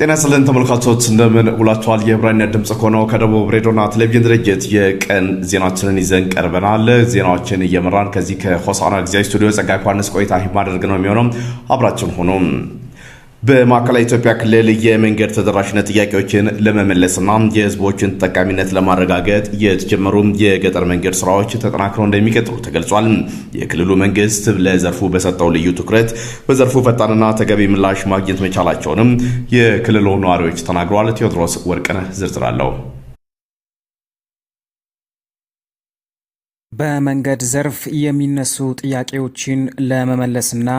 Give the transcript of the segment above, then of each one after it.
ጤና ስለን ተመልካቾች እንደምን ውላችኋል። የዕብራይነት ድምፅ ከሆነው ከደቡብ ሬዲዮና ቴሌቪዥን ድርጅት የቀን ዜናችንን ይዘን ቀርበናል። ዜናዎችን እየመራን ከዚህ ከሆሳና ጊዜያዊ ስቱዲዮ ጸጋይ ዮሐንስ ቆይታ የማደርግ ነው የሚሆነው። አብራችን ሆኖ በማዕከላዊ ኢትዮጵያ ክልል የመንገድ ተደራሽነት ጥያቄዎችን ለመመለስና የህዝቦችን ተጠቃሚነት ለማረጋገጥ የተጀመሩ የገጠር መንገድ ስራዎች ተጠናክረው እንደሚቀጥሉ ተገልጿል። የክልሉ መንግስት ለዘርፉ በሰጠው ልዩ ትኩረት በዘርፉ ፈጣንና ተገቢ ምላሽ ማግኘት መቻላቸውንም የክልሉ ነዋሪዎች ተናግረዋል። ቴዎድሮስ ወርቅነህ ዝርዝር አለው። በመንገድ ዘርፍ የሚነሱ ጥያቄዎችን ለመመለስና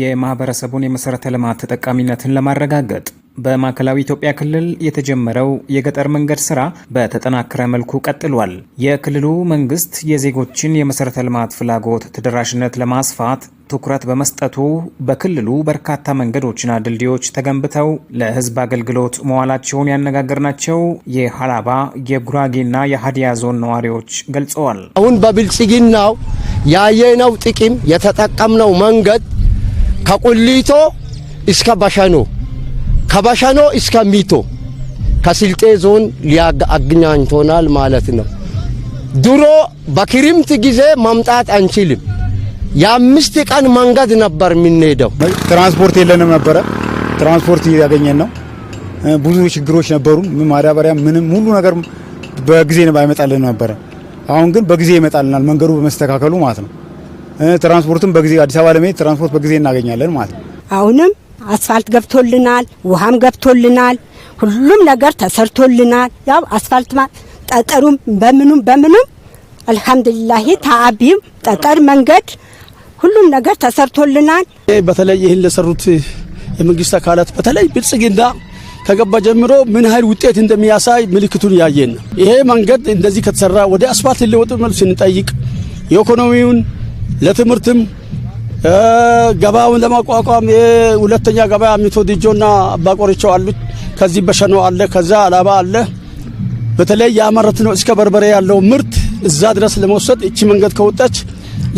የማህበረሰቡን የመሠረተ ልማት ተጠቃሚነትን ለማረጋገጥ በማዕከላዊ ኢትዮጵያ ክልል የተጀመረው የገጠር መንገድ ስራ በተጠናከረ መልኩ ቀጥሏል። የክልሉ መንግስት የዜጎችን የመሠረተ ልማት ፍላጎት ተደራሽነት ለማስፋት ትኩረት በመስጠቱ በክልሉ በርካታ መንገዶችና ድልድዮች ተገንብተው ለህዝብ አገልግሎት መዋላቸውን ያነጋገርናቸው የሀላባ የጉራጌና የሀዲያ ዞን ነዋሪዎች ገልጸዋል። አሁን በብልጽግናው ያየነው ጥቅም የተጠቀምነው መንገድ ከቁሊቶ እስከ በሸኖ ከበሸኖ እስከ ሚቶ ከስልጤ ዞን ሊያገናኝቶናል ማለት ነው። ድሮ በክርምት ጊዜ መምጣት አንችልም። የአምስት ቀን መንገድ ነበር የምንሄደው። ትራንስፖርት የለንም ነበረ። ትራንስፖርት ያገኘን ነው። ብዙ ችግሮች ነበሩ። ማዳበሪያ፣ ምንም ሁሉ ነገር በጊዜ አይመጣልን ነበረ። አሁን ግን በጊዜ ይመጣልናል፣ መንገዱ በመስተካከሉ ማለት ነው። ትራንስፖርትም በጊዜ አዲስ አበባ ለመሄድ ትራንስፖርት በጊዜ እናገኛለን ማለት ነው። አሁንም አስፋልት ገብቶልናል፣ ውሃም ገብቶልናል፣ ሁሉም ነገር ተሰርቶልናል። ያው አስፋልት ጠጠሩም በምኑም በምኑም አልሐምዱሊላሂ ተአቢም ጠጠር መንገድ ሁሉም ነገር ተሰርቶልናል። በተለይ ይህን ለሰሩት የመንግስት አካላት በተለይ ብልጽግና ከገባ ጀምሮ ምን ያህል ውጤት እንደሚያሳይ ምልክቱን ያየን ነው። ይሄ መንገድ እንደዚህ ከተሰራ ወደ አስፋልት ሊወጡ መልስ ስንጠይቅ የኢኮኖሚውን ለትምህርትም ገበያውን ለማቋቋም ሁለተኛ ገበያ ሚቶ ዲጆና አባቆሪቸው አሉት። ከዚህ በሸኖ አለ፣ ከዛ አላባ አለ። በተለይ ያመረት ነው እስከ በርበሬ ያለው ምርት እዛ ድረስ ለመውሰድ እቺ መንገድ ከወጣች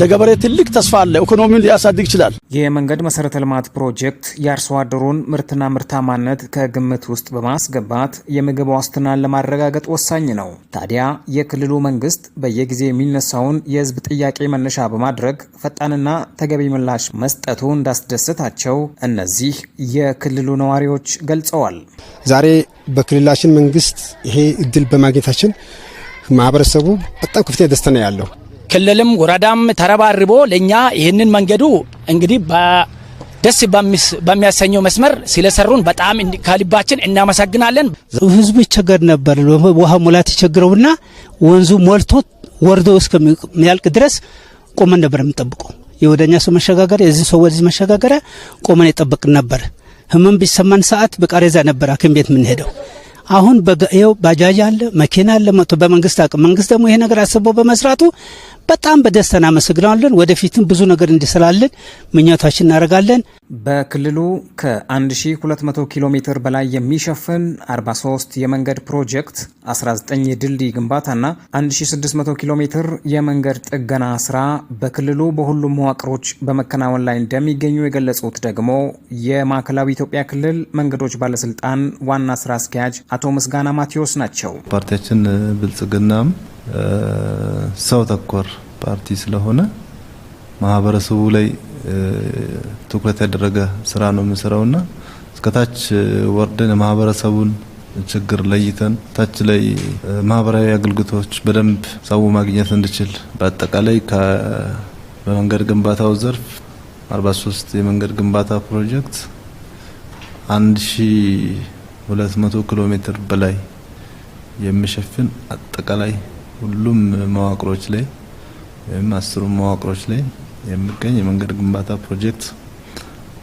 ለገበሬ ትልቅ ተስፋ አለ። ኢኮኖሚውን ሊያሳድግ ይችላል። የመንገድ መሰረተ ልማት ፕሮጀክት የአርሶ አደሩን ምርትና ምርታማነት ከግምት ውስጥ በማስገባት የምግብ ዋስትናን ለማረጋገጥ ወሳኝ ነው። ታዲያ የክልሉ መንግስት በየጊዜ የሚነሳውን የህዝብ ጥያቄ መነሻ በማድረግ ፈጣንና ተገቢ ምላሽ መስጠቱ እንዳስደሰታቸው እነዚህ የክልሉ ነዋሪዎች ገልጸዋል። ዛሬ በክልላችን መንግስት ይሄ እድል በማግኘታችን ማህበረሰቡ በጣም ከፍተኛ ደስታ ነው ያለው። ክልልም ወረዳም ተረባርቦ ለእኛ ይህንን መንገዱ እንግዲህ ደስ በሚያሰኘው መስመር ስለሰሩን በጣም ከልባችን እናመሰግናለን። ህዝቡ ይቸገር ነበር። ውሃ ሙላት ይቸግረውና ወንዙ ሞልቶ ወርዶ እስከሚያልቅ ድረስ ቆመን ነበር የምንጠብቀው። የወደኛ ሰው መሸጋገር የዚህ ሰው ወደዚህ መሸጋገሪያ ቆመን የጠበቅን ነበር። ህመም ቢሰማን ሰዓት በቃሬዛ ነበር ሐኪም ቤት የምንሄደው። አሁን ባጃጅ አለ፣ መኪና አለ መጥቶ በመንግስት አቅም መንግስት ደግሞ ይሄ ነገር አስበው በመስራቱ በጣም በደስታ እናመሰግናለን። ወደፊትም ብዙ ነገር እንዲሰላለን ምኞታችን እናደርጋለን። በክልሉ ከ1200 ኪሎ ሜትር በላይ የሚሸፍን 43 የመንገድ ፕሮጀክት፣ 19 የድልድይ ግንባታና 1600 ኪሎ ሜትር የመንገድ ጥገና ስራ በክልሉ በሁሉም መዋቅሮች በመከናወን ላይ እንደሚገኙ የገለጹት ደግሞ የማዕከላዊ ኢትዮጵያ ክልል መንገዶች ባለስልጣን ዋና ስራ አስኪያጅ አቶ ምስጋና ማቴዎስ ናቸው። ፓርቲያችን ብልጽግናም ሰው ተኮር ፓርቲ ስለሆነ ማህበረሰቡ ላይ ትኩረት ያደረገ ስራ ነው የምንሰራውና እስከታች ወርደን የማህበረሰቡን ችግር ለይተን ታች ላይ ማህበራዊ አገልግሎቶች በደንብ ሰው ማግኘት እንድችል በአጠቃላይ በመንገድ ግንባታው ዘርፍ 43 የመንገድ ግንባታ ፕሮጀክት 1200 ኪሎ ሜትር በላይ የሚሸፍን አጠቃላይ ሁሉም መዋቅሮች ላይ ወይም አስሩም መዋቅሮች ላይ የሚገኝ የመንገድ ግንባታ ፕሮጀክት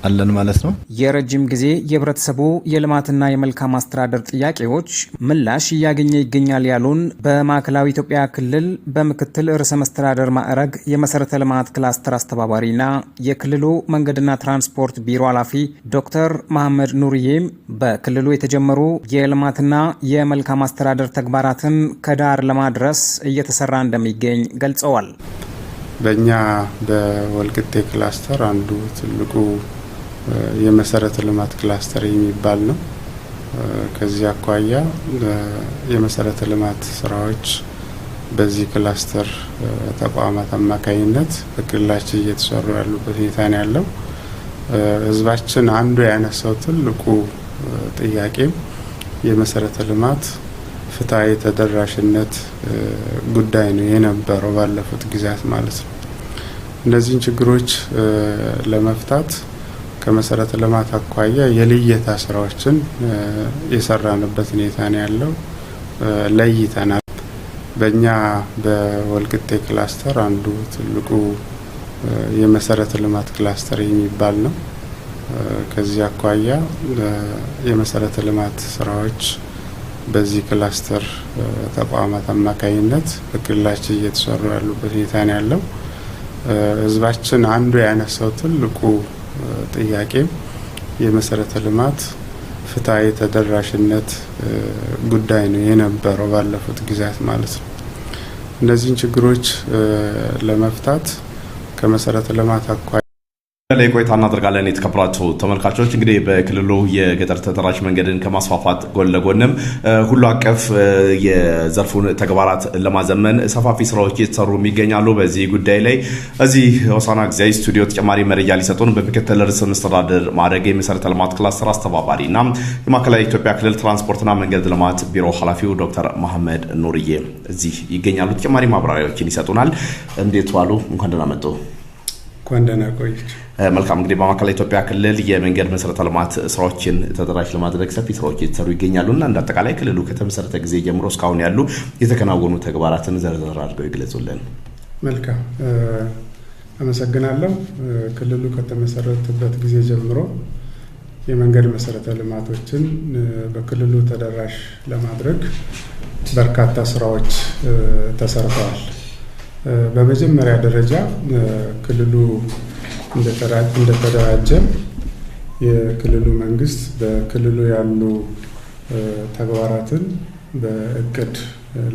አለን ማለት ነው። የረጅም ጊዜ የህብረተሰቡ የልማትና የመልካም አስተዳደር ጥያቄዎች ምላሽ እያገኘ ይገኛል ያሉን በማዕከላዊ ኢትዮጵያ ክልል በምክትል ርዕሰ መስተዳደር ማዕረግ የመሰረተ ልማት ክላስተር አስተባባሪና የክልሉ መንገድና ትራንስፖርት ቢሮ ኃላፊ ዶክተር መሐመድ ኑርዬም በክልሉ የተጀመሩ የልማትና የመልካም አስተዳደር ተግባራትን ከዳር ለማድረስ እየተሰራ እንደሚገኝ ገልጸዋል። በእኛ በወልቅጤ ክላስተር አንዱ ትልቁ የመሰረተ ልማት ክላስተር የሚባል ነው። ከዚህ አኳያ የመሰረተ ልማት ስራዎች በዚህ ክላስተር ተቋማት አማካኝነት በክልላችን እየተሰሩ ያሉበት ሁኔታ ነው ያለው። ህዝባችን አንዱ ያነሳው ትልቁ ጥያቄም የመሰረተ ልማት ፍትሐዊ ተደራሽነት ጉዳይ ነው የነበረው ባለፉት ጊዜያት ማለት ነው። እነዚህን ችግሮች ለመፍታት ከመሰረተ ልማት አኳያ የልየታ ስራዎችን የሰራንበት ሁኔታ ነው ያለው። ለይተናል። በእኛ በወልቅጤ ክላስተር አንዱ ትልቁ የመሰረተ ልማት ክላስተር የሚባል ነው። ከዚህ አኳያ የመሰረተ ልማት ስራዎች በዚህ ክላስተር ተቋማት አማካኝነት በክልላችን እየተሰሩ ያሉበት ሁኔታ ነው ያለው። ህዝባችን አንዱ ያነሳው ትልቁ ጥያቄ የመሰረተ ልማት ፍትሐዊ ተደራሽነት ጉዳይ ነው የነበረው ባለፉት ጊዜያት ማለት ነው። እነዚህን ችግሮች ለመፍታት ከመሰረተ ልማት አኳ ላይ ቆይታ እናደርጋለን። የተከበራችሁ ተመልካቾች እንግዲህ በክልሉ የገጠር ተደራሽ መንገድን ከማስፋፋት ጎን ለጎንም ሁሉ አቀፍ የዘርፉን ተግባራት ለማዘመን ሰፋፊ ስራዎች እየተሰሩ ይገኛሉ። በዚህ ጉዳይ ላይ እዚህ ሆሳና ጊዜያዊ ስቱዲዮ ተጨማሪ መረጃ ሊሰጡን በምክትል ርዕሰ መስተዳድር ማድረግ የመሰረተ ልማት ክላስተር አስተባባሪ እና የማዕከላዊ ኢትዮጵያ ክልል ትራንስፖርትና መንገድ ልማት ቢሮ ኃላፊው ዶክተር መሐመድ ኑርዬ እዚህ ይገኛሉ። ተጨማሪ ማብራሪያዎችን ይሰጡናል። እንዴት ዋሉ? እንኳን ደህና መጡ። እንኳን ደህና ቆያችሁ። መልካም እንግዲህ በማዕከላዊ ኢትዮጵያ ክልል የመንገድ መሰረተ ልማት ስራዎችን ተደራሽ ለማድረግ ሰፊ ስራዎች እየተሰሩ ይገኛሉ እና እንደ አጠቃላይ ክልሉ ከተመሰረተ ጊዜ ጀምሮ እስካሁን ያሉ የተከናወኑ ተግባራትን ዘርዘር አድርገው ይግለጹልን። መልካም አመሰግናለሁ። ክልሉ ከተመሰረተበት ጊዜ ጀምሮ የመንገድ መሰረተ ልማቶችን በክልሉ ተደራሽ ለማድረግ በርካታ ስራዎች ተሰርተዋል። በመጀመሪያ ደረጃ ክልሉ እንደተደራጀ የክልሉ መንግስት በክልሉ ያሉ ተግባራትን በእቅድ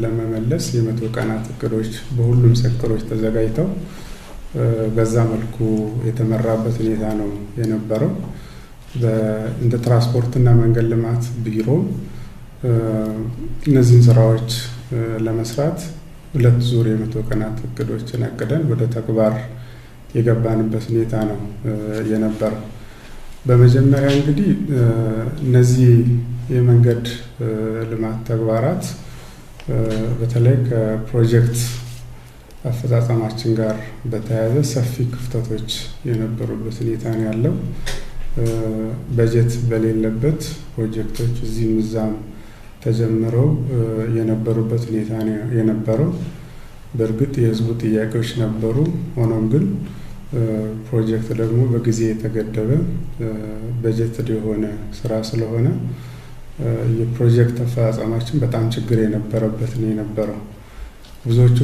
ለመመለስ የመቶ ቀናት እቅዶች በሁሉም ሴክተሮች ተዘጋጅተው በዛ መልኩ የተመራበት ሁኔታ ነው የነበረው። እንደ ትራንስፖርትና መንገድ ልማት ቢሮ እነዚህን ስራዎች ለመስራት ሁለት ዙር የመቶ ቀናት እቅዶችን አቅደን ወደ ተግባር የገባንበት ሁኔታ ነው የነበረው። በመጀመሪያ እንግዲህ እነዚህ የመንገድ ልማት ተግባራት በተለይ ከፕሮጀክት አፈጻጸማችን ጋር በተያያዘ ሰፊ ክፍተቶች የነበሩበት ሁኔታ ነው ያለው። በጀት በሌለበት ፕሮጀክቶች እዚህም እዛም ተጀምረው የነበሩበት ሁኔታ ነው የነበረው። በእርግጥ የህዝቡ ጥያቄዎች ነበሩ። ሆኖም ግን ፕሮጀክት ደግሞ በጊዜ የተገደበ በጀት የሆነ ስራ ስለሆነ የፕሮጀክት አፈጻጸማችን በጣም ችግር የነበረበት ነው የነበረው። ብዙዎቹ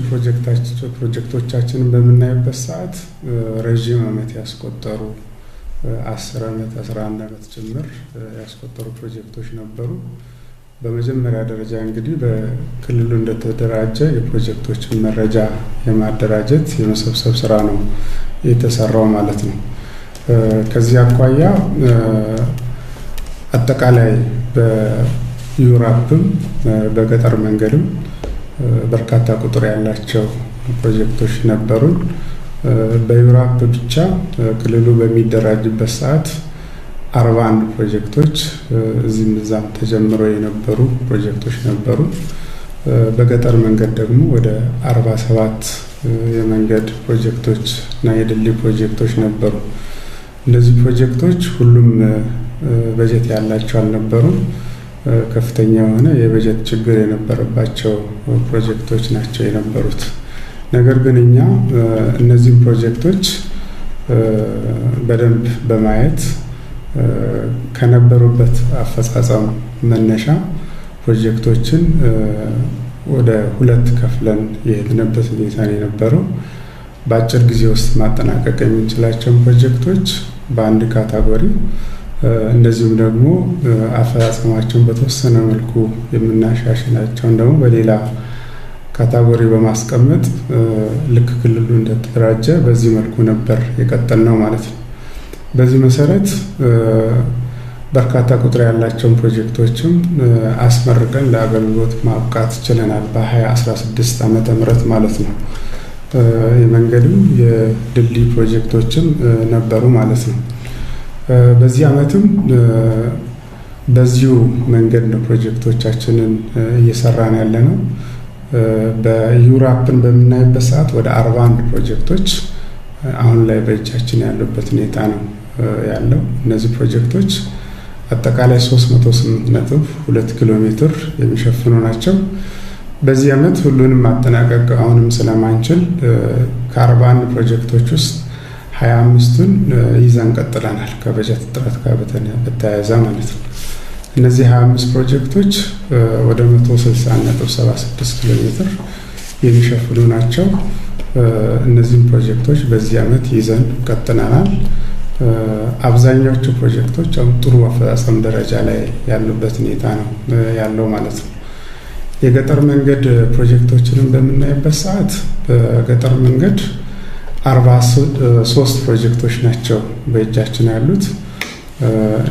ፕሮጀክቶቻችንን በምናይበት ሰዓት ረዥም ዓመት ያስቆጠሩ አስር ዓመት አስራ አንድ ዓመት ጭምር ያስቆጠሩ ፕሮጀክቶች ነበሩ። በመጀመሪያ ደረጃ እንግዲህ በክልሉ እንደተደራጀ የፕሮጀክቶችን መረጃ የማደራጀት የመሰብሰብ ስራ ነው የተሰራው ማለት ነው። ከዚህ አኳያ አጠቃላይ በዩራፕም በገጠር መንገድም በርካታ ቁጥር ያላቸው ፕሮጀክቶች ነበሩን። በዩራፕ ብቻ ክልሉ በሚደራጅበት ሰዓት አርባ አንድ ፕሮጀክቶች እዚህም እዛም ተጀምረው የነበሩ ፕሮጀክቶች ነበሩ። በገጠር መንገድ ደግሞ ወደ አርባ ሰባት የመንገድ ፕሮጀክቶች እና የድልድይ ፕሮጀክቶች ነበሩ። እነዚህ ፕሮጀክቶች ሁሉም በጀት ያላቸው አልነበሩም። ከፍተኛ የሆነ የበጀት ችግር የነበረባቸው ፕሮጀክቶች ናቸው የነበሩት። ነገር ግን እኛ እነዚህም ፕሮጀክቶች በደንብ በማየት ከነበሩበት አፈጻጸም መነሻ ፕሮጀክቶችን ወደ ሁለት ከፍለን የሄድንበት ሁኔታ ነው የነበረው። በአጭር ጊዜ ውስጥ ማጠናቀቅ የምንችላቸውን ፕሮጀክቶች በአንድ ካታጎሪ፣ እንደዚሁም ደግሞ አፈጻጸማቸውን በተወሰነ መልኩ የምናሻሽላቸውን ደግሞ በሌላ ካታጎሪ በማስቀመጥ ልክ ክልሉ እንደተደራጀ በዚህ መልኩ ነበር ነው ማለት ነው። በዚህ መሰረት በርካታ ቁጥር ያላቸውን ፕሮጀክቶችም አስመርቀን ለአገልግሎት ማብቃት ችለናል። በ2016 ዓመተ ምህረት ማለት ነው። የመንገዱ የድልድይ ፕሮጀክቶችም ነበሩ ማለት ነው። በዚህ ዓመትም በዚሁ መንገድ ነው ፕሮጀክቶቻችንን እየሰራን ያለ ነው። በዩራፕን በምናይበት ሰዓት ወደ 41 ፕሮጀክቶች አሁን ላይ በእጃችን ያሉበት ሁኔታ ነው። ያለው። እነዚህ ፕሮጀክቶች አጠቃላይ ነጥብ 308.2 ኪሎ ሜትር የሚሸፍኑ ናቸው። በዚህ ዓመት ሁሉንም ማጠናቀቅ አሁንም ስለማንችል ከ41 ፕሮጀክቶች ውስጥ 25ቱን ይዘን ቀጥለናል። ከበጀት እጥረት ጋር በተያያዘ ማለት ነው። እነዚህ 25 ፕሮጀክቶች ወደ መቶ 161.76 ኪሎ ሜትር የሚሸፍኑ ናቸው። እነዚህም ፕሮጀክቶች በዚህ ዓመት ይዘን ቀጥለናል። አብዛኛዎቹ ፕሮጀክቶች ጥሩ አፈጻጸም ደረጃ ላይ ያሉበት ሁኔታ ነው ያለው ማለት ነው። የገጠር መንገድ ፕሮጀክቶችንም በምናይበት ሰዓት በገጠር መንገድ አርባ ሶስት ፕሮጀክቶች ናቸው በእጃችን ያሉት።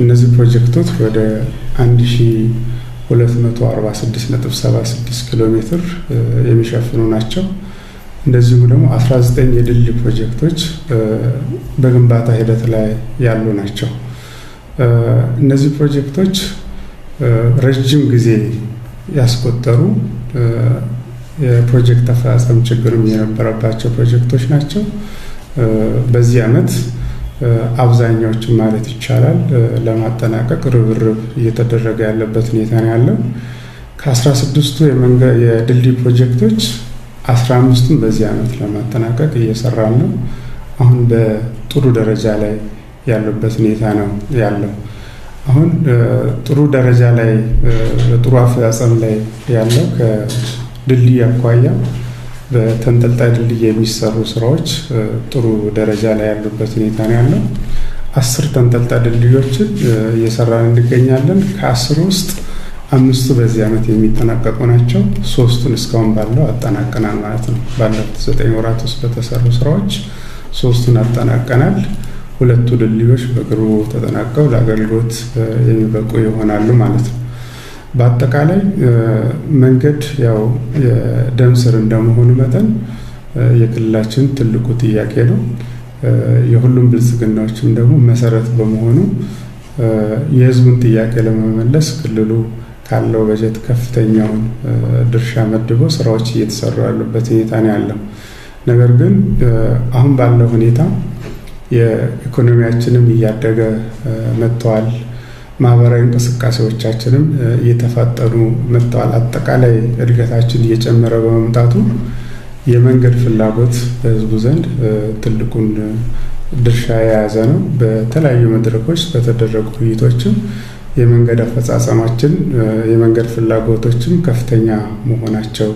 እነዚህ ፕሮጀክቶች ወደ 1246.76 ኪሎ ሜትር የሚሸፍኑ ናቸው። እንደዚሁ ደግሞ 19 የድልድይ ፕሮጀክቶች በግንባታ ሂደት ላይ ያሉ ናቸው። እነዚህ ፕሮጀክቶች ረጅም ጊዜ ያስቆጠሩ የፕሮጀክት አፈጻጸም ችግርም የነበረባቸው ፕሮጀክቶች ናቸው። በዚህ ዓመት አብዛኛዎችን ማለት ይቻላል ለማጠናቀቅ ርብርብ እየተደረገ ያለበት ሁኔታ ነው ያለው። ከ16ቱ የድልድይ ፕሮጀክቶች አስራ አምስቱን በዚህ አመት ለማጠናቀቅ እየሰራን ነው። አሁን በጥሩ ደረጃ ላይ ያሉበት ሁኔታ ነው ያለው። አሁን ጥሩ ደረጃ ላይ በጥሩ አፈጻጸም ላይ ያለው ከድልድይ አኳያ በተንጠልጣይ ድልድይ የሚሰሩ ስራዎች ጥሩ ደረጃ ላይ ያሉበት ሁኔታ ነው ያለው። አስር ተንጠልጣይ ድልድዮችን እየሰራን እንገኛለን። ከአስር ውስጥ አምስቱ በዚህ ዓመት የሚጠናቀቁ ናቸው። ሶስቱን እስካሁን ባለው አጠናቀናል ማለት ነው። ባለፉት ዘጠኝ ወራት ውስጥ በተሰሩ ስራዎች ሶስቱን አጠናቀናል። ሁለቱ ድልድዮች በቅርቡ ተጠናቀው ለአገልግሎት የሚበቁ ይሆናሉ ማለት ነው። በአጠቃላይ መንገድ ያው የደም ስር እንደመሆኑ መጠን የክልላችን ትልቁ ጥያቄ ነው። የሁሉም ብልጽግናዎችም ደግሞ መሰረት በመሆኑ የህዝቡን ጥያቄ ለመመለስ ክልሉ ካለው በጀት ከፍተኛውን ድርሻ መድቦ ስራዎች እየተሰሩ ያሉበት ሁኔታ ነው ያለው። ነገር ግን አሁን ባለው ሁኔታ የኢኮኖሚያችንም እያደገ መጥተዋል። ማህበራዊ እንቅስቃሴዎቻችንም እየተፋጠኑ መጥተዋል። አጠቃላይ እድገታችን እየጨመረ በመምጣቱ የመንገድ ፍላጎት በህዝቡ ዘንድ ትልቁን ድርሻ የያዘ ነው። በተለያዩ መድረኮች በተደረጉ ውይይቶችም የመንገድ አፈጻጸማችን የመንገድ ፍላጎቶችም ከፍተኛ መሆናቸው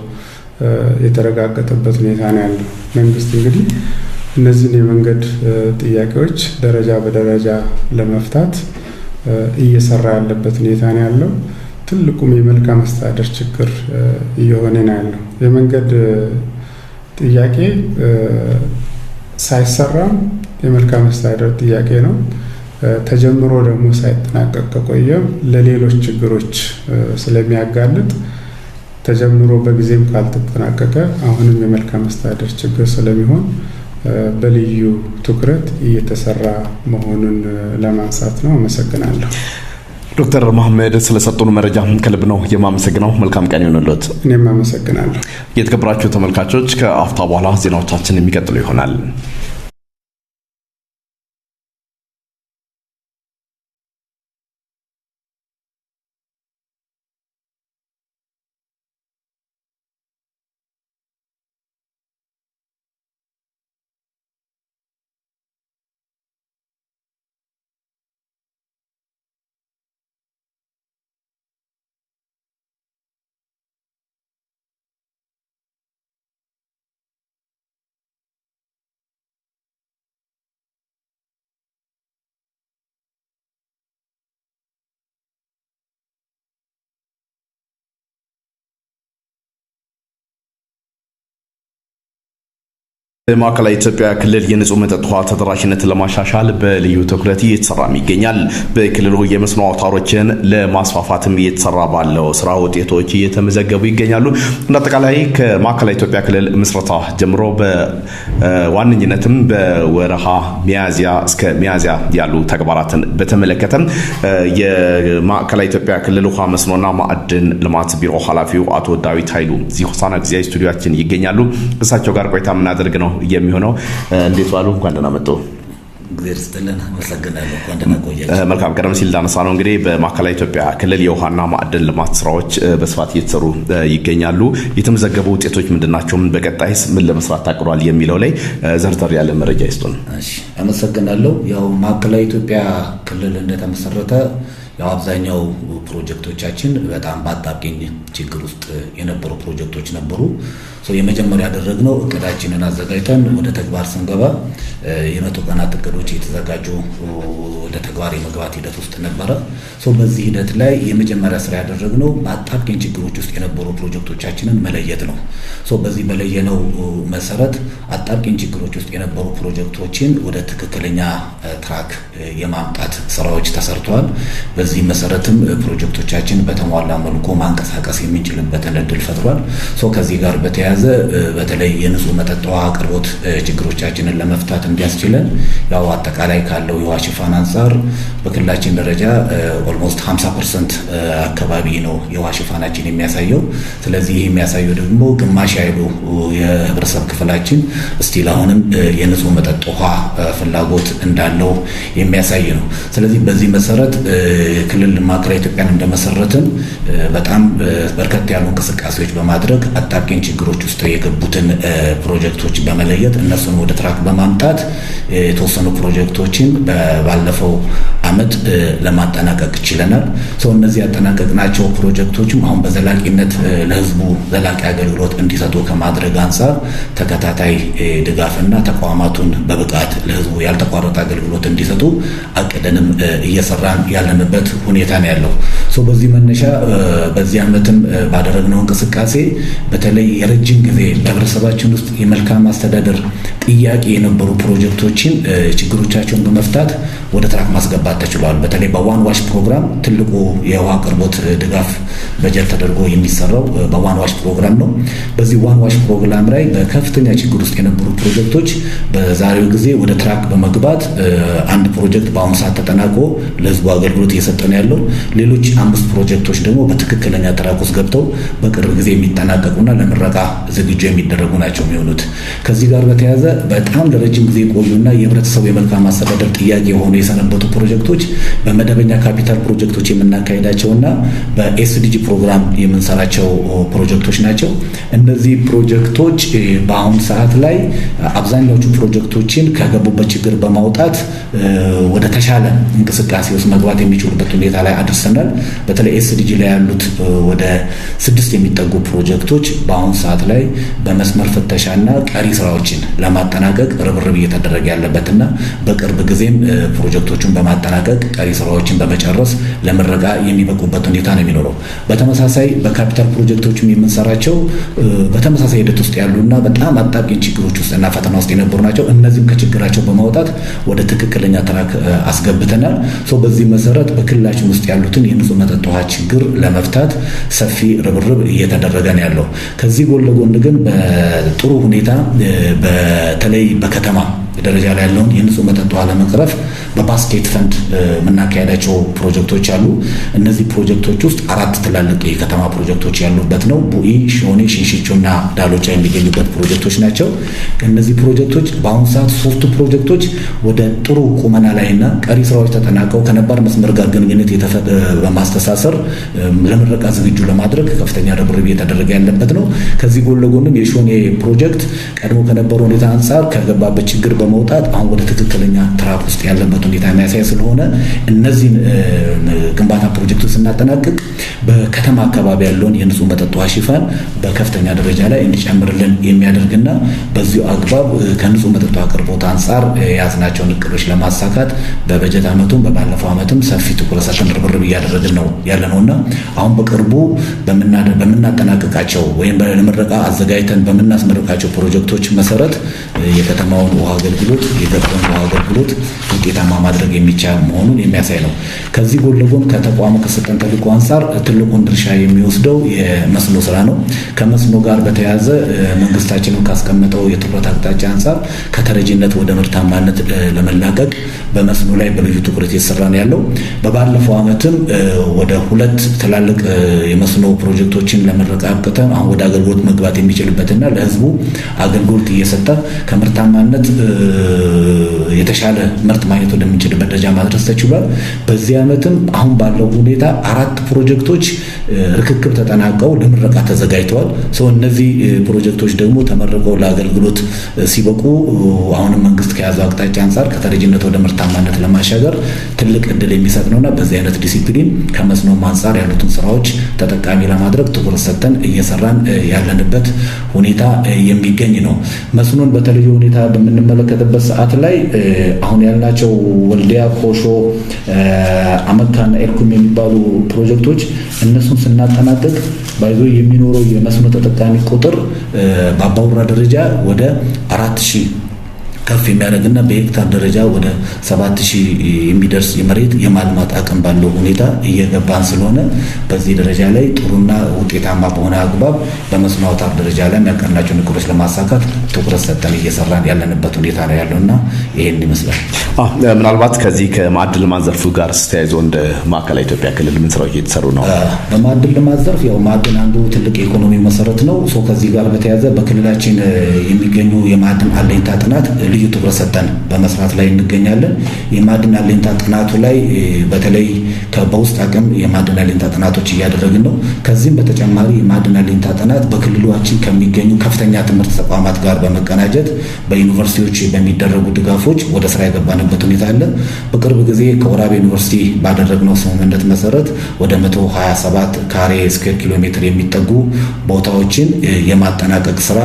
የተረጋገጠበት ሁኔታ ነው ያለው። መንግስት እንግዲህ እነዚህን የመንገድ ጥያቄዎች ደረጃ በደረጃ ለመፍታት እየሰራ ያለበት ሁኔታ ነው ያለው። ትልቁም የመልካም አስተዳደር ችግር እየሆነ ነው ያለው። የመንገድ ጥያቄ ሳይሰራም የመልካም አስተዳደር ጥያቄ ነው። ተጀምሮ ደግሞ ሳይጠናቀቅ ከቆየ ለሌሎች ችግሮች ስለሚያጋልጥ ተጀምሮ በጊዜም ካልተጠናቀቀ አሁንም የመልካም አስተዳደር ችግር ስለሚሆን በልዩ ትኩረት እየተሰራ መሆኑን ለማንሳት ነው። አመሰግናለሁ። ዶክተር መሐመድ ስለሰጡን መረጃ ከልብ ነው የማመሰግነው። መልካም ቀን ይሆንልዎት። እኔም አመሰግናለሁ። የተከበራችሁ ተመልካቾች ከአፍታ በኋላ ዜናዎቻችን የሚቀጥሉ ይሆናል። በማዕከላዊ ኢትዮጵያ ክልል የንጹህ መጠጥ ውሃ ተደራሽነትን ለማሻሻል በልዩ ትኩረት እየተሰራም ይገኛል። በክልሉ የመስኖ አውታሮችን ለማስፋፋትም እየተሰራ ባለው ስራ ውጤቶች እየተመዘገቡ ይገኛሉ። እንዳጠቃላይ ከማዕከላዊ ኢትዮጵያ ክልል ምስረታ ጀምሮ በዋነኝነትም በወረሃ ሚያዚያ እስከ ሚያዚያ ያሉ ተግባራትን በተመለከተም የማዕከላዊ ኢትዮጵያ ክልል ውሃ መስኖና ማዕድን ልማት ቢሮ ኃላፊው አቶ ዳዊት ኃይሉ ዚህ ሆሳና ጊዜያዊ ስቱዲዮችን ይገኛሉ። እሳቸው ጋር ቆይታ የምናደርግ ነው። የሚሆነው። እንዴት ዋሉ? እንኳን ደህና መጡ። መልካም ቀደም ሲል እንዳነሳ ነው እንግዲህ በማዕከላዊ ኢትዮጵያ ክልል የውሃና ማዕድን ልማት ስራዎች በስፋት እየተሰሩ ይገኛሉ። የተመዘገቡ ውጤቶች ምንድናቸው? በቀጣይስ ምን ለመስራት ታቅዷል? የሚለው ላይ ዘርዘር ያለ መረጃ ይስጡን። አመሰግናለሁ። ያው ማዕከላዊ ኢትዮጵያ ክልል እንደተመሰረተ ያው አብዛኛው ፕሮጀክቶቻችን በጣም በአጣብቂኝ ችግር ውስጥ የነበሩ ፕሮጀክቶች ነበሩ። የመጀመሪያ ያደረግነው እቅዳችንን አዘጋጅተን ወደ ተግባር ስንገባ የመቶ ቀናት እቅዶች የተዘጋጁ ወደ ተግባር የመግባት ሂደት ውስጥ ነበረ። በዚህ ሂደት ላይ የመጀመሪያ ስራ ያደረግነው በአጣብቂኝ ችግሮች ውስጥ የነበሩ ፕሮጀክቶቻችንን መለየት ነው። በዚህ በለየነው መሰረት አጣብቂኝ ችግሮች ውስጥ የነበሩ ፕሮጀክቶችን ወደ ትክክለኛ ትራክ የማምጣት ስራዎች ተሰርተዋል። በዚህ መሰረትም ፕሮጀክቶቻችን በተሟላ መልኩ ማንቀሳቀስ የምንችልበትን እድል ፈጥሯል። ከዚህ ጋር በተያያዘ በተለይ የንጹህ መጠጥ ውሃ አቅርቦት ችግሮቻችንን ለመፍታት እንዲያስችለን ያው አጠቃላይ ካለው የውሃ ሽፋን አንጻር በክልላችን ደረጃ ኦልሞስት 50 ፐርሰንት አካባቢ ነው የውሃ ሽፋናችን የሚያሳየው። ስለዚህ ይህ የሚያሳየው ደግሞ ግማሽ ያሉ የህብረተሰብ ክፍላችን እስቲል አሁንም የንጹህ መጠጥ ውሃ ፍላጎት እንዳለው የሚያሳይ ነው። ስለዚህ በዚህ መሰረት የክልል ማዕከላዊ ኢትዮጵያን እንደመሰረትን በጣም በርከት ያሉ እንቅስቃሴዎች በማድረግ አጣብቂኝ ችግሮች ውስጥ የገቡትን ፕሮጀክቶች በመለየት እነሱን ወደ ትራክ በማምጣት የተወሰኑ ፕሮጀክቶችን ባለፈው ዓመት ለማጠናቀቅ ችለናል። ሰው እነዚህ ያጠናቀቅናቸው ፕሮጀክቶችም አሁን በዘላቂነት ለህዝቡ ዘላቂ አገልግሎት እንዲሰጡ ከማድረግ አንጻር ተከታታይ ድጋፍና ተቋማቱን በብቃት ለህዝቡ ያልተቋረጠ አገልግሎት እንዲሰጡ አቅደንም እየሰራን ያለንበት ሁኔታ ነው ያለው። ሰው በዚህ መነሻ በዚህ ዓመትም ባደረግነው እንቅስቃሴ በተለይ የረጅም ጊዜ በህብረተሰባችን ውስጥ የመልካም አስተዳደር ጥያቄ የነበሩ ፕሮጀክቶችን ችግሮቻቸውን በመፍታት ወደ ትራክ ማስገባት ተችሏል። በተለይ በዋን ዋሽ ፕሮግራም ትልቁ የውሃ አቅርቦት ድጋፍ በጀት ተደርጎ የሚሰራው በዋን ዋሽ ፕሮግራም ነው። በዚህ ዋን ዋሽ ፕሮግራም ላይ በከፍተኛ ችግር ውስጥ የነበሩ ፕሮጀክቶች በዛሬው ጊዜ ወደ ትራክ በመግባት አንድ ፕሮጀክት በአሁኑ ሰዓት ተጠናቆ ለህዝቡ አገልግሎት እየሰጠ ነው ያለው። ሌሎች አምስት ፕሮጀክቶች ደግሞ በትክክለኛ ትራክ ውስጥ ገብተው በቅርብ ጊዜ የሚጠናቀቁና ለምረቃ ዝግጁ የሚደረጉ ናቸው የሚሆኑት ከዚህ ጋር በተያያዘ በጣም ለረጅም ጊዜ የቆዩና የህብረተሰቡ የመልካም አስተዳደር ጥያቄ የሆኑ የሰነበቱ ፕሮጀክቶች በመደበኛ ካፒታል ፕሮጀክቶች የምናካሄዳቸውና በኤስዲጂ ፕሮግራም የምንሰራቸው ፕሮጀክቶች ናቸው። እነዚህ ፕሮጀክቶች በአሁኑ ሰዓት ላይ አብዛኛዎቹ ፕሮጀክቶችን ከገቡበት ችግር በማውጣት ወደ ተሻለ እንቅስቃሴ ውስጥ መግባት የሚችሉበት ሁኔታ ላይ አድርሰናል። በተለይ ኤስዲጂ ላይ ያሉት ወደ ስድስት የሚጠጉ ፕሮጀክቶች በአሁኑ ሰዓት ላይ በመስመር ፍተሻና ቀሪ ስራዎችን ለማ ለማጠናቀቅ ርብርብ እየተደረገ ያለበትና በቅርብ ጊዜም ፕሮጀክቶቹን በማጠናቀቅ ቀሪ ስራዎችን በመጨረስ ለምረቃ የሚበቁበት ሁኔታ ነው የሚኖረው። በተመሳሳይ በካፒታል ፕሮጀክቶችም የምንሰራቸው በተመሳሳይ ሂደት ውስጥ ያሉና በጣም አጣብቂኝ ችግሮች ውስጥና ፈተና ውስጥ የነበሩ ናቸው። እነዚህም ከችግራቸው በማውጣት ወደ ትክክለኛ ትራክ አስገብተናል። በዚህ መሰረት በክልላችን ውስጥ ያሉትን የንጹህ መጠጥ ውሃ ችግር ለመፍታት ሰፊ ርብርብ እየተደረገ ነው ያለው። ከዚህ ጎን ለጎን ግን በጥሩ ሁኔታ በተለይ በከተማ ደረጃ ላይ ያለውን የንጹህ መጠጥ ውሃ ለመቅረፍ በባስኬት ፈንድ የምናካሄዳቸው ፕሮጀክቶች አሉ። እነዚህ ፕሮጀክቶች ውስጥ አራት ትላልቅ የከተማ ፕሮጀክቶች ያሉበት ነው። ቡኢ፣ ሽንሽቾ ሽንሽቾና ዳሎቻ የሚገኙበት ፕሮጀክቶች ናቸው። እነዚህ ፕሮጀክቶች በአሁኑ ሰዓት ሶስቱ ፕሮጀክቶች ወደ ጥሩ ቁመና ላይና ቀሪ ስራዎች ተጠናቀው ከነባር መስመር ጋር ግንኙነት በማስተሳሰር ለምረቃ ዝግጁ ለማድረግ ከፍተኛ ርብርብ እየተደረገ ያለበት ነው። ከዚህ ጎን ለጎንም የሾኔ ፕሮጀክት ቀድሞ ከነበረ ሁኔታ አንጻር ከገባበት ችግር ለመውጣት አሁን ወደ ትክክለኛ ትራክ ውስጥ ያለበት ሁኔታ የሚያሳይ ስለሆነ እነዚህን ግንባታ ፕሮጀክቶች ስናጠናቅቅ በከተማ አካባቢ ያለውን የንጹህ መጠጥ ውሃ ሽፋን በከፍተኛ ደረጃ ላይ እንዲጨምርልን የሚያደርግና በዚሁ አግባብ ከንጹህ መጠጥ ውሃ አቅርቦት አንጻር የያዝናቸውን እቅዶች ለማሳካት በበጀት ዓመቱም በባለፈው ዓመትም ሰፊ ትኩረት ሰጥተን ርብርብ እያደረግን ነው ያለ ነውና አሁን በቅርቡ በምናጠናቅቃቸው ወይም ለምረቃ አዘጋጅተን በምናስመርቃቸው ፕሮጀክቶች መሰረት የከተማውን ውሃ አገልግሎት የተቋሙ አገልግሎት ውጤታማ ማድረግ የሚቻል መሆኑን የሚያሳይ ነው። ከዚህ ጎን ለጎን ከተቋሙ ከሰጠን ተልዕኮ አንጻር ትልቁን ድርሻ የሚወስደው የመስኖ ስራ ነው። ከመስኖ ጋር በተያያዘ መንግስታችንም ካስቀመጠው የትኩረት አቅጣጫ አንጻር ከተረጂነት ወደ ምርታማነት ለመላቀቅ በመስኖ ላይ በልዩ ትኩረት እየሰራ ነው ያለው። በባለፈው ዓመትም ወደ ሁለት ትላልቅ የመስኖ ፕሮጀክቶችን ለመረቃ አብቅተን አሁን ወደ አገልግሎት መግባት የሚችልበትና ለህዝቡ አገልግሎት እየሰጠ ከምርታማነት የተሻለ ምርት ማግኘት ወደምንችልበት ደረጃ ማድረስ ተችሏል። በዚህ ዓመትም አሁን ባለው ሁኔታ አራት ፕሮጀክቶች ርክክብ ተጠናቀው ለምረቃ ተዘጋጅተዋል። ሰው እነዚህ ፕሮጀክቶች ደግሞ ተመርቀው ለአገልግሎት ሲበቁ አሁንም መንግስት ከያዘው አቅጣጫ አንጻር ከተረጅነት ወደ ምርታማነት ለማሻገር ትልቅ እድል የሚሰጥ ነውና በዚህ አይነት ዲሲፕሊን ከመስኖም አንጻር ያሉትን ስራዎች ተጠቃሚ ለማድረግ ትኩረት ሰጥተን እየሰራን ያለንበት ሁኔታ የሚገኝ ነው። መስኖን በተለየ ሁኔታ በምንመለከ በምንመለከትበት ሰዓት ላይ አሁን ያልናቸው ወልዲያ፣ ኮሾ፣ አመካና ኤልኩም የሚባሉ ፕሮጀክቶች እነሱን ስናጠናቅቅ ባይዞ የሚኖረው የመስኖ ተጠቃሚ ቁጥር በአባቡራ ደረጃ ወደ አራት ሺህ ከፍ የሚያደርግና በሄክታር ደረጃ ወደ ሰባት የሚደርስ የመሬት የማልማት አቅም ባለው ሁኔታ እየገባን ስለሆነ በዚህ ደረጃ ላይ ጥሩና ውጤታማ በሆነ አግባብ በመስኖ አውታር ደረጃ ላይ የሚያቀርናቸውን እቅዶች ለማሳካት ትኩረት ሰጠን እየሰራን ያለንበት ሁኔታ ነው ያለው እና ይህን ይመስላል። ምናልባት ከዚህ ከማዕድን ልማት ዘርፉ ጋር ተያይዞ እንደ ማዕከላዊ ኢትዮጵያ ክልል ምን ስራዎች እየተሰሩ ነው? በማዕድን ልማት ዘርፍ ያው ማዕድን አንዱ ትልቅ የኢኮኖሚ መሰረት ነው። ከዚህ ጋር በተያያዘ በክልላችን የሚገኙ የማዕድን አለኝታ ጥናት ልዩ ትኩረት ሰጠን በመስራት ላይ እንገኛለን። የማዕድን ሌንታ ጥናቱ ላይ በተለይ በውስጥ አቅም የማዕድን ሌንታ ጥናቶች እያደረግን ነው። ከዚህም በተጨማሪ የማዕድን ሌንታ ጥናት በክልሏችን ከሚገኙ ከፍተኛ ትምህርት ተቋማት ጋር በመቀናጀት በዩኒቨርሲቲዎች በሚደረጉ ድጋፎች ወደ ስራ የገባንበት ሁኔታ አለ። በቅርብ ጊዜ ከወራቤ ዩኒቨርሲቲ ባደረግነው ስምምነት መሰረት ወደ 127 ካሬ ስኩዌር ኪሎ ሜትር የሚጠጉ ቦታዎችን የማጠናቀቅ ስራ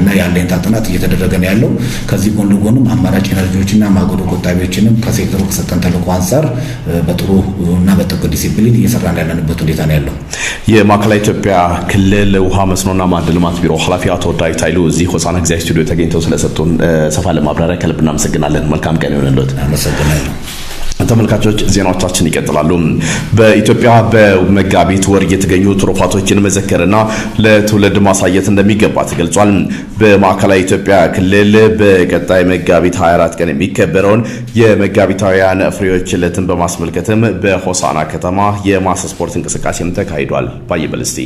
እና የአለኝታ ጥናት እየተደረገ ነው ያለው። ከዚህ ጎን ለጎንም አማራጭ ኤነርጂዎችና ማገዶ ቆጣቢዎችንም ከሴክተሩ ከሰጠን ተልዕኮ አንጻር በጥሩ እና በጥብቅ ዲሲፕሊን እየሰራ እንዳለንበት ሁኔታ ነው ያለው። የማዕከላዊ ኢትዮጵያ ክልል ውሃ መስኖና ማዕድን ልማት ቢሮ ኃላፊ አቶ ዳዊት ኃይሉ እዚህ ሆሳና ጊዜያዊ ስቱዲዮ ተገኝተው ስለሰጡን ሰፋ ለማብራሪያ ከልብ እናመሰግናለን። መልካም ቀን ይሆንልዎት። አመሰግናለሁ። ተመልካቾች ዜናዎቻችን ይቀጥላሉ። በኢትዮጵያ በመጋቢት ወር የተገኙ ትሩፋቶችን መዘከርና ለትውልድ ማሳየት እንደሚገባ ተገልጿል። በማዕከላዊ ኢትዮጵያ ክልል በቀጣይ መጋቢት 24 ቀን የሚከበረውን የመጋቢታውያን ፍሬዎች ዕለትን በማስመልከትም በሆሳና ከተማ የማስ ስፖርት እንቅስቃሴም ተካሂዷል። ባይበልስቲ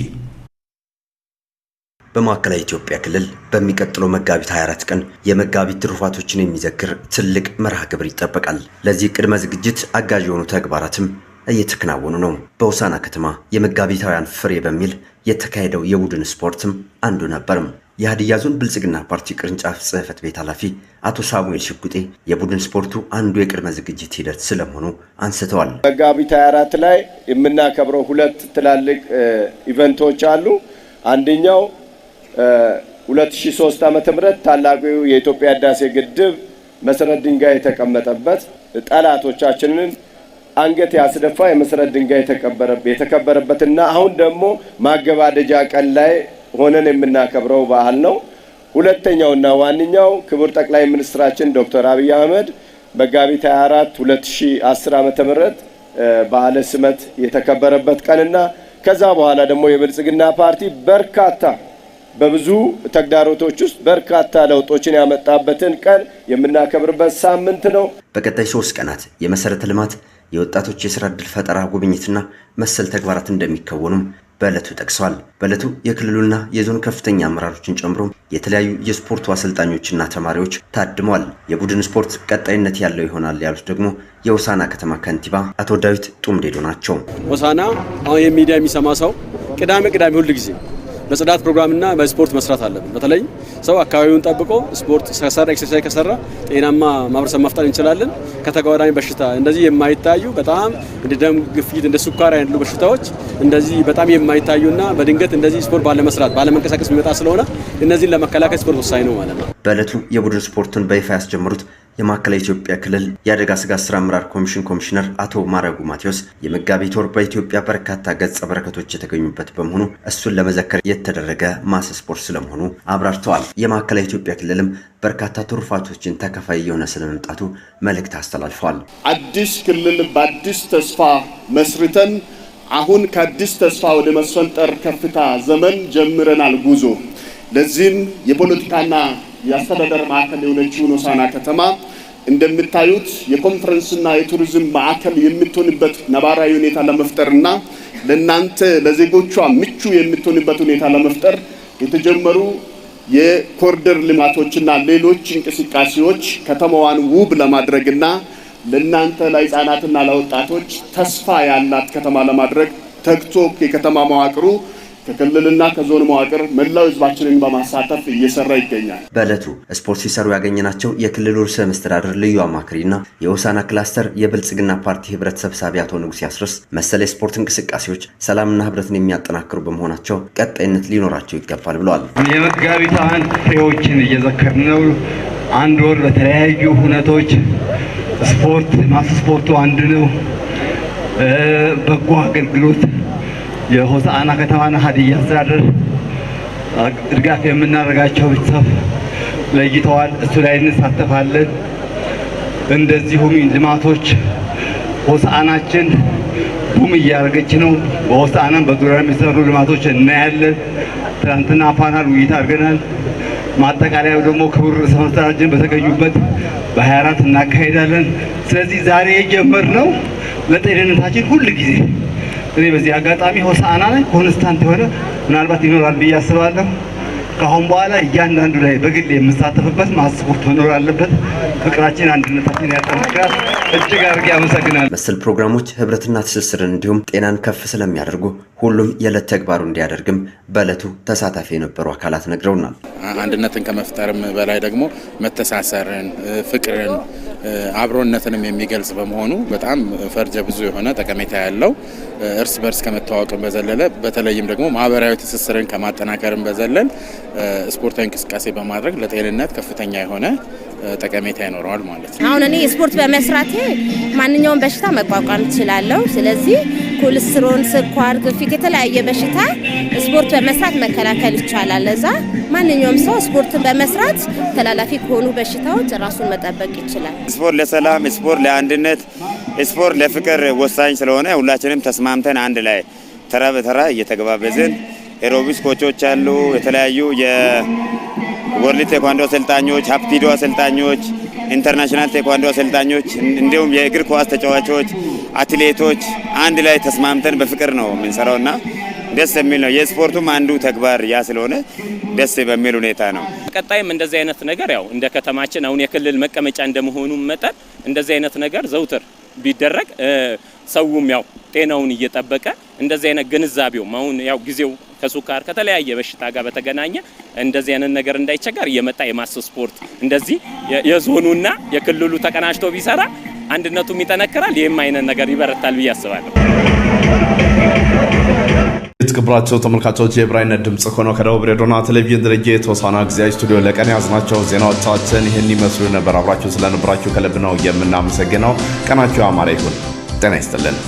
በማዕከላዊ ኢትዮጵያ ክልል በሚቀጥለው መጋቢት 24 ቀን የመጋቢት ትሩፋቶችን የሚዘክር ትልቅ መርሃ ግብር ይጠበቃል። ለዚህ ቅድመ ዝግጅት አጋዥ የሆኑ ተግባራትም እየተከናወኑ ነው። በውሳና ከተማ የመጋቢታውያን ፍሬ በሚል የተካሄደው የቡድን ስፖርትም አንዱ ነበርም። የሀዲያ ዞን ብልጽግና ፓርቲ ቅርንጫፍ ጽህፈት ቤት ኃላፊ አቶ ሳሙኤል ሽጉጤ የቡድን ስፖርቱ አንዱ የቅድመ ዝግጅት ሂደት ስለመሆኑ አንስተዋል። መጋቢት 24 ላይ የምናከብረው ሁለት ትላልቅ ኢቨንቶች አሉ። አንደኛው 2003 ዓ.ም ታላቁ የኢትዮጵያ ህዳሴ ግድብ መሰረት ድንጋይ የተቀመጠበት ጠላቶቻችንን አንገት ያስደፋ የመሰረት ድንጋይ የተከበረበት እና አሁን ደግሞ ማገባደጃ ቀን ላይ ሆነን የምናከብረው በዓል ነው። ሁለተኛውና ዋነኛው ክቡር ጠቅላይ ሚኒስትራችን ዶክተር አብይ አህመድ መጋቢት 24 2010 ዓ.ም በዓለ ስመት የተከበረበት ቀንና ከዛ በኋላ ደግሞ የብልጽግና ፓርቲ በርካታ በብዙ ተግዳሮቶች ውስጥ በርካታ ለውጦችን ያመጣበትን ቀን የምናከብርበት ሳምንት ነው። በቀጣይ ሶስት ቀናት የመሰረተ ልማት፣ የወጣቶች የስራ እድል ፈጠራ ጉብኝትና መሰል ተግባራት እንደሚከወኑም በዕለቱ ጠቅሰዋል። በዕለቱ የክልሉና የዞን ከፍተኛ አመራሮችን ጨምሮ የተለያዩ የስፖርቱ አሰልጣኞችና ተማሪዎች ታድመዋል። የቡድን ስፖርት ቀጣይነት ያለው ይሆናል ያሉት ደግሞ የውሳና ከተማ ከንቲባ አቶ ዳዊት ጡምዴዶ ናቸው። ውሳና አሁን የሚዲያ የሚሰማ ሰው ቅዳሜ ቅዳሜ ሁል ጊዜ በጽዳት ፕሮግራምና በስፖርት መስራት አለብን። በተለይ ሰው አካባቢውን ጠብቆ ስፖርት ከሰራ ኤክሰርሳይዝ ከሰራ ጤናማ ማህበረሰብ መፍጠር እንችላለን። ከተጓዳኝ በሽታ እንደዚህ የማይታዩ በጣም እንደ ደም ግፊት፣ እንደ ስኳር ያሉ በሽታዎች እንደዚህ በጣም የማይታዩና በድንገት እንደዚህ ስፖርት ባለመስራት ባለመንቀሳቀስ የሚመጣ ስለሆነ እነዚህን ለመከላከል ስፖርት ወሳኝ ነው ማለት ነው። በእለቱ የቡድን ስፖርቱን በይፋ ያስጀምሩት የማዕከላዊ ኢትዮጵያ ክልል የአደጋ ስጋት ስራ አመራር ኮሚሽን ኮሚሽነር አቶ ማረጉ ማቴዎስ የመጋቢት ወር በኢትዮጵያ በርካታ ገጸ በረከቶች የተገኙበት በመሆኑ እሱን ለመዘከር የተደረገ ማስ ስፖርት ስለመሆኑ አብራርተዋል። የማዕከላዊ ኢትዮጵያ ክልልም በርካታ ትሩፋቶችን ተከፋይ የሆነ ስለመምጣቱ መልእክት አስተላልፈዋል። አዲስ ክልል በአዲስ ተስፋ መስርተን አሁን ከአዲስ ተስፋ ወደ መስፈንጠር ከፍታ ዘመን ጀምረናል ጉዞ ለዚህም የፖለቲካና የአስተዳደር ማዕከል የሆነችውን ኖሳና ከተማ እንደምታዩት የኮንፈረንስና የቱሪዝም ማዕከል የምትሆንበት ነባራዊ ሁኔታ ለመፍጠርና ለእናንተ ለዜጎቿ ምቹ የምትሆንበት ሁኔታ ለመፍጠር የተጀመሩ የኮሪደር ልማቶችና ሌሎች እንቅስቃሴዎች ከተማዋን ውብ ለማድረግና ለእናንተ ለህፃናትና ለወጣቶች ተስፋ ያላት ከተማ ለማድረግ ተግቶ የከተማ መዋቅሩ ከክልልና ከዞን መዋቅር መላው ህዝባችንን በማሳተፍ እየሰራ ይገኛል። በዕለቱ ስፖርት ሲሰሩ ያገኘናቸው የክልሉ ርዕሰ መስተዳድር ልዩ አማካሪና የሆሳና ክላስተር የብልጽግና ፓርቲ ህብረት ሰብሳቢ አቶ ንጉስ ያስረስ መሰለ የስፖርት እንቅስቃሴዎች ሰላምና ህብረትን የሚያጠናክሩ በመሆናቸው ቀጣይነት ሊኖራቸው ይገባል ብለዋል። የመጋቢት አንድ ፍሬዎችን እየዘከርን ነው። አንድ ወር በተለያዩ ሁነቶች ስፖርት ማስ ስፖርቱ ነው። በጎ አገልግሎት የሆሳዕና ከተማና ሀዲያ አስተዳደር ድጋፍ የምናደርጋቸው ቤተሰብ ለይተዋል። እሱ ላይ እንሳተፋለን። እንደዚሁም ልማቶች ሆሳዕናችን ቡም እያደረገች ነው። በሆሳዕናም በዙሪያ የሚሰሩ ልማቶች እናያለን። ትናንትና ፓናል ውይይት አድርገናል። ማጠቃለያው ደግሞ ክቡር ርዕሰ መስተዳድራችን በተገኙበት በሀያ አራት እናካሄዳለን። ስለዚህ ዛሬ የጀመርነው ለጤንነታችን ሁል ጊዜ እኔ በዚህ አጋጣሚ ሆሳዕና ላይ ኮንስታንት የሆነ ምናልባት ይኖራል ብዬ አስባለሁ። ከአሁን በኋላ እያንዳንዱ ላይ በግል የምሳተፍበት ማስቦት መኖር አለበት። ፍቅራችን፣ አንድነታችን ያጠናክራል። እጅግ አድርጌ አመሰግናለሁ። መሰል ፕሮግራሞች ህብረትና ትስስርን እንዲሁም ጤናን ከፍ ስለሚያደርጉ ሁሉም የዕለት ተግባሩ እንዲያደርግም በዕለቱ ተሳታፊ የነበሩ አካላት ነግረውናል። አንድነትን ከመፍጠርም በላይ ደግሞ መተሳሰርን፣ ፍቅርን አብሮነትንም የሚገልጽ በመሆኑ በጣም ፈርጀ ብዙ የሆነ ጠቀሜታ ያለው እርስ በርስ ከመተዋወቅን በዘለለ በተለይም ደግሞ ማህበራዊ ትስስርን ከማጠናከርን በዘለል ስፖርታዊ እንቅስቃሴ በማድረግ ለጤንነት ከፍተኛ የሆነ ጠቀሜታ ይኖረዋል ማለት ነው። አሁን እኔ ስፖርት በመስራቴ ማንኛውም በሽታ መቋቋም እችላለሁ። ስለዚህ ኮሌስትሮል፣ ስኳር፣ ግፊት፣ የተለያየ በሽታ ስፖርት በመስራት መከላከል ይቻላል። ለዛ ማንኛውም ሰው ስፖርትን በመስራት ተላላፊ ከሆኑ በሽታዎች ራሱን መጠበቅ ይችላል። ስፖርት ለሰላም፣ ስፖርት ለአንድነት፣ ስፖርት ለፍቅር ወሳኝ ስለሆነ ሁላችንም ተስማምተን አንድ ላይ ተራ በተራ እየተገባበዝን ኤሮቢስ ኮቾች አሉ። የተለያዩ የወርልድ ቴኳንዶ አሰልጣኞች፣ ሀፕቲዶ አሰልጣኞች፣ ኢንተርናሽናል ቴኳንዶ አሰልጣኞች እንዲሁም የእግር ኳስ ተጫዋቾች፣ አትሌቶች አንድ ላይ ተስማምተን በፍቅር ነው የምንሰራው እና ደስ የሚል ነው። የስፖርቱም አንዱ ተግባር ያ ስለሆነ ደስ በሚል ሁኔታ ነው። ቀጣይም እንደዚህ አይነት ነገር ያው እንደ ከተማችን አሁን የክልል መቀመጫ እንደመሆኑ መጠን እንደዚህ አይነት ነገር ዘውትር ቢደረግ ሰውም ያው ጤናውን እየጠበቀ እንደዚህ አይነት ግንዛቤው አሁን ያው ጊዜው ከሱካር ከተለያየ በሽታ ጋር በተገናኘ እንደዚህ አይነት ነገር እንዳይቸገር እየመጣ የማስ ስፖርት እንደዚህ የዞኑና የክልሉ ተቀናጅቶ ቢሰራ አንድነቱም ይጠነክራል፣ ይህም አይነት ነገር ይበረታል ብዬ አስባለሁ። የተከበራችሁ ተመልካቾች የብራይነት ድምጽ ሆኖ ከደቡብ ሬዲዮና ቴሌቪዥን ድርጅት ሆሳዕና ጊዜያዊ ስቱዲዮ ለቀን ያዝናቸው ዜናዎቻችን ይህን ይመስሉ ነበር። አብራችሁ ስለነበራችሁ ከልብ ነው የምናመሰግነው። ቀናችሁ ያማረ ይሁን። ጤና ይስጥልን።